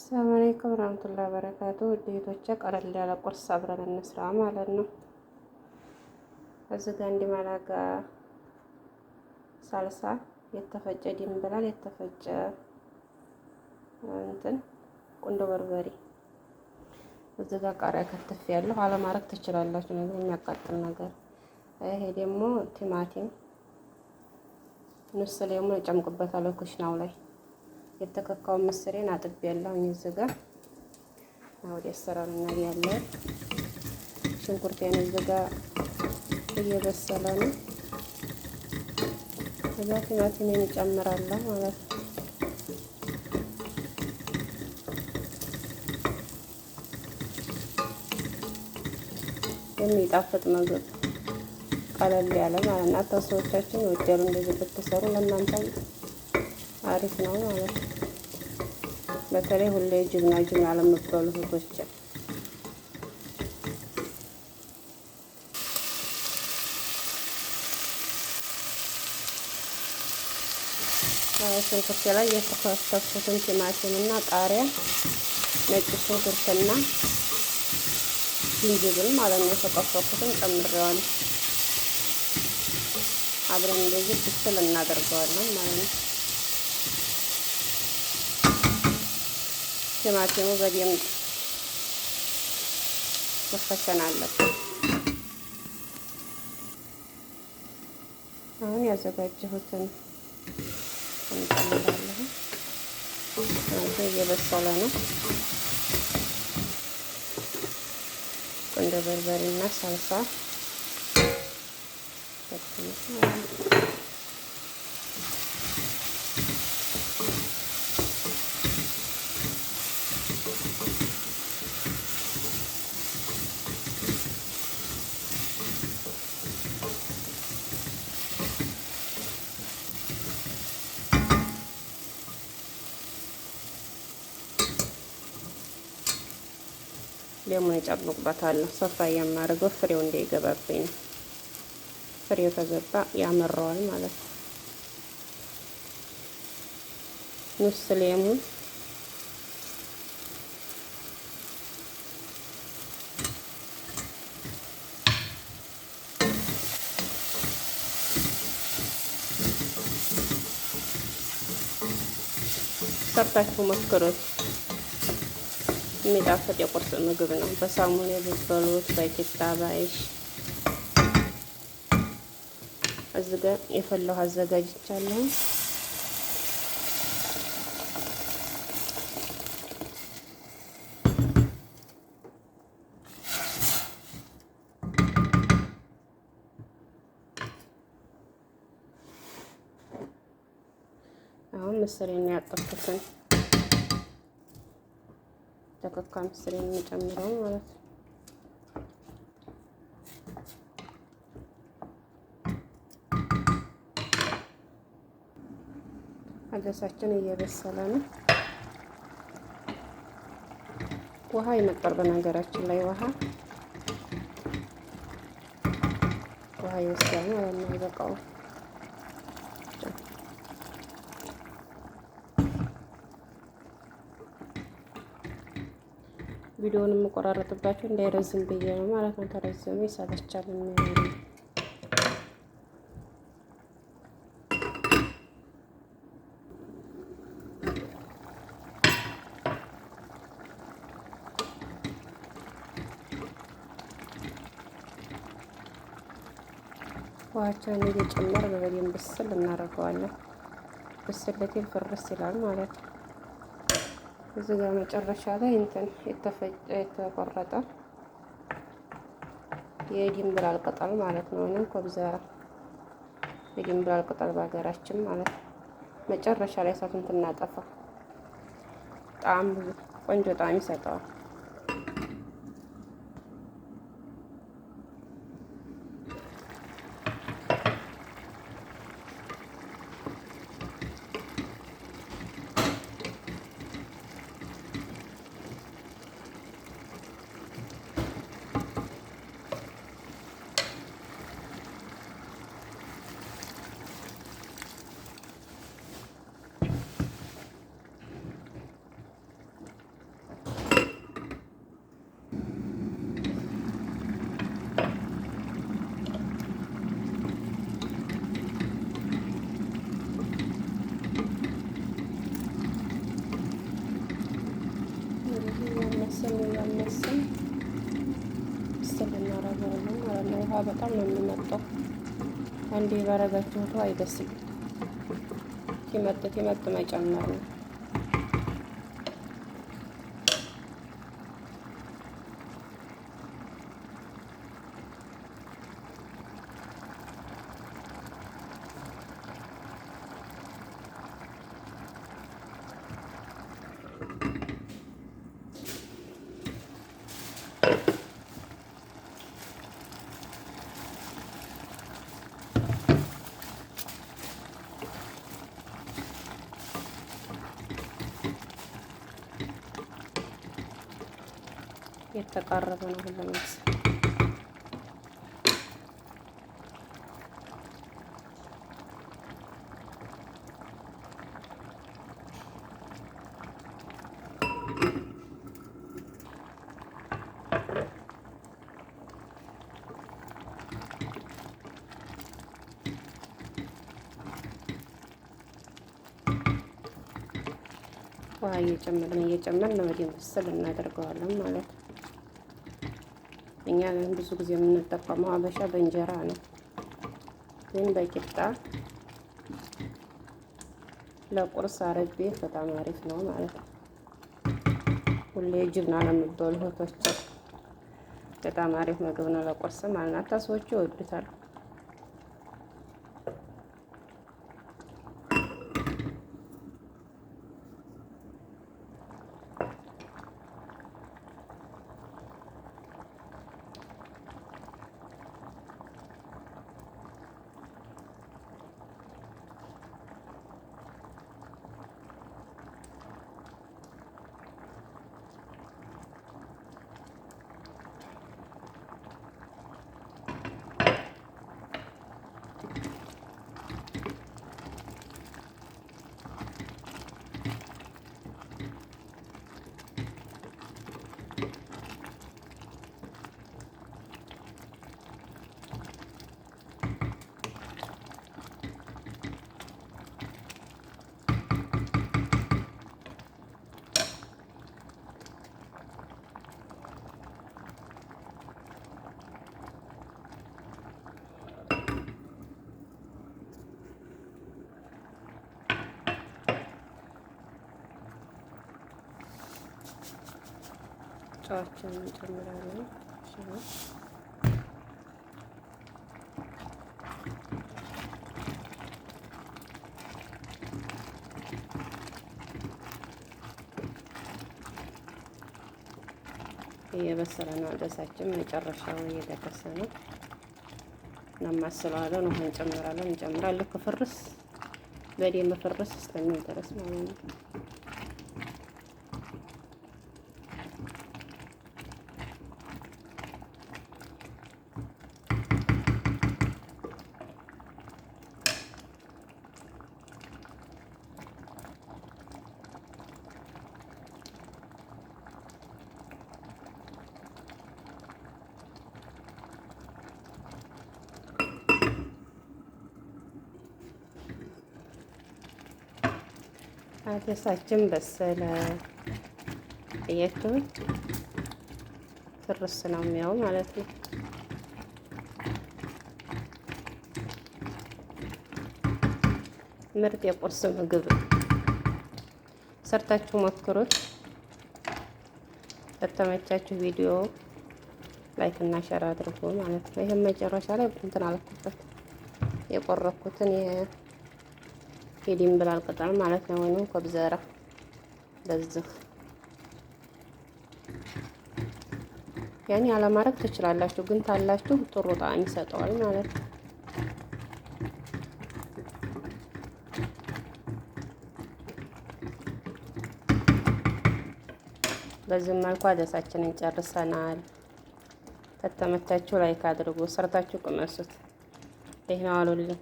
ሰላም አለይኩም ወራህመቱላሂ ወበረካቱ። እህቶቼ ቀለል ያለ ቁርስ አብረን እንስራ ማለት ነው። እዚህ ጋር ሳልሳ፣ የተፈጨ ድንብላል፣ የተፈጨ እንትን ቁንዶ በርበሬ እዚህ ጋር ቃሪያ ከተፍ ያለሁ አለማድረግ ትችላላችሁ፣ ነገር የሚያቃጥል ነገር። ይሄ ደግሞ ቲማቲም ንስ ለሙ ጨምቅበታለሁ ኩሽናው ላይ የተከካው ምስሬን አጥቤ ያለሁኝ እዚህ ጋር ወደ አሰራሩ እናያለን። ሽንኩርቴን እዚህ ጋር እየበሰለ ነው። እዛ ቲማቲሜን እጨምራለሁ ማለት ነው። የሚጣፍጥ ምግብ ቀለል ያለ ማለት ነው። አቶ ሰዎቻችን ይወዳሉ እንደዚህ ብትሰሩ ለእናንተ አሪፍ ነው ማለት ነው። በተለይ ሁሌ ጅግና ጅግና ለምትበሉ እህቶች ሽንኩርት ላይ ቲማቲም እና ቃሪያ፣ ነጭ ሽንኩርትና ዝንጅብል ማለት ነው የተቆፈኩትን ጨምሬዋለሁ። አብረን እንደዚህ ብስል እናደርገዋለን ማለት ነው። ቲማቲሙ በደንብ መፈሰን አሁን ያዘጋጀሁትን እንጨምራለሁ። እየበሰለ ነው። ቁንዶ በርበሬና ሳልሳ ሌሙን እጨምቅበታለሁ። ሰፋ የማደርገው ፍሬው እንዳይገባብኝ ነው። ፍሬው ከገባ ያመረዋል ማለት ነው። ንስ ሌሙን ሰርታችሁ ሞክሩት። የሚጣፍጥ የቁርስ ምግብ ነው። በሳሙን የብበሉት በቂጣ ባይሽ እዚህ ጋር የፈላው አዘጋጅቻለሁ። አሁን ምስር ያጠፍኩትን ያደረኩት ከአምስት ላይ ማለት ነው። አደሳችን እየበሰለ ነው። ውሃ ይመጣል። በነገራችን ላይ ውሃ ውሃ ይወስዳል ማለት ነው። ይበቃዋል። ቪዲዮውን የምቆራረጥባችሁ እንዳይረዝም ብዬ ነው ማለት ነው። ተረዘመ ይሰለቻል የሚያሉ ውሃቸውን እየጨመር በበደንብ ብስል እናደርገዋለን። ብስል ለቴል ፍርስ ይላል ማለት ነው። እዚህ ጋር መጨረሻ ላይ እንትን የተፈጨ የተቆረጠ የድንብላል ቅጠል ማለት ነው። ወይም ኮብዘራ የድንብላል ቅጠል በሀገራችን ማለት መጨረሻ ላይ እሳቱን እናጠፋ። ጣም ብዙ ቆንጆ ጣም ይሰጠዋል። ያለው ውሃ በጣም ነው የሚመጣው። አንዴ ባረጋችሁት አይደስም። ሲመጥ ሲመጥ መጨመር ነው። የተቃረበ ነው ሁሉም ውሃ እየጨመርን እየጨመርን ወደ መሰል እናደርገዋለን ማለት ነው። እኛ ብዙ ጊዜ የምንጠቀመው አበሻ በእንጀራ ነው። ግን በቂጣ ለቁርስ አረቤ በጣም አሪፍ ነው ማለት ነው። ሁሌ ጅብና ለምበሉ ህቶች፣ በጣም አሪፍ ምግብ ነው ለቁርስ ማለት ናታ። ሰዎቹ ይወዱታል። ጨዋችንን እንጨምራለን። እየበሰለ ነው አደሳችን፣ መጨረሻው እየደረሰ ነው። እናማስለዋለን፣ ውሃ እንጨምራለን። እንጨምራለን ልክ ፍርስ በደንብ ፍርስ እስከሚል ድረስ ማለት ነው። አደሳችን በሰለ። እየቱን ትርስ ነው የሚያው ማለት ነው። ምርጥ የቁርስ ምግብ ሰርታችሁ ሞክሩት። ከተመቻችሁ ቪዲዮ ላይክ እና ሸር አድርጉ ማለት ነው። ይህም መጨረሻ ላይ እንትን አልኩበት የቆረኩትን ፊሊም ብላል ቅጠል ማለት ነው። ወይንም ኮብዘራ በዚህ ያኔ አለማድረግ ትችላላችሁ፣ ግን ታላችሁ ጥሩ ጣዕም ይሰጠዋል ማለት ነው። በዚህ መልኩ አደሳችንን ጨርሰናል። ከተመቻችሁ ላይክ አድርጉ፣ ሰርታችሁ ቅመሱት። ደህና ዋሉልን።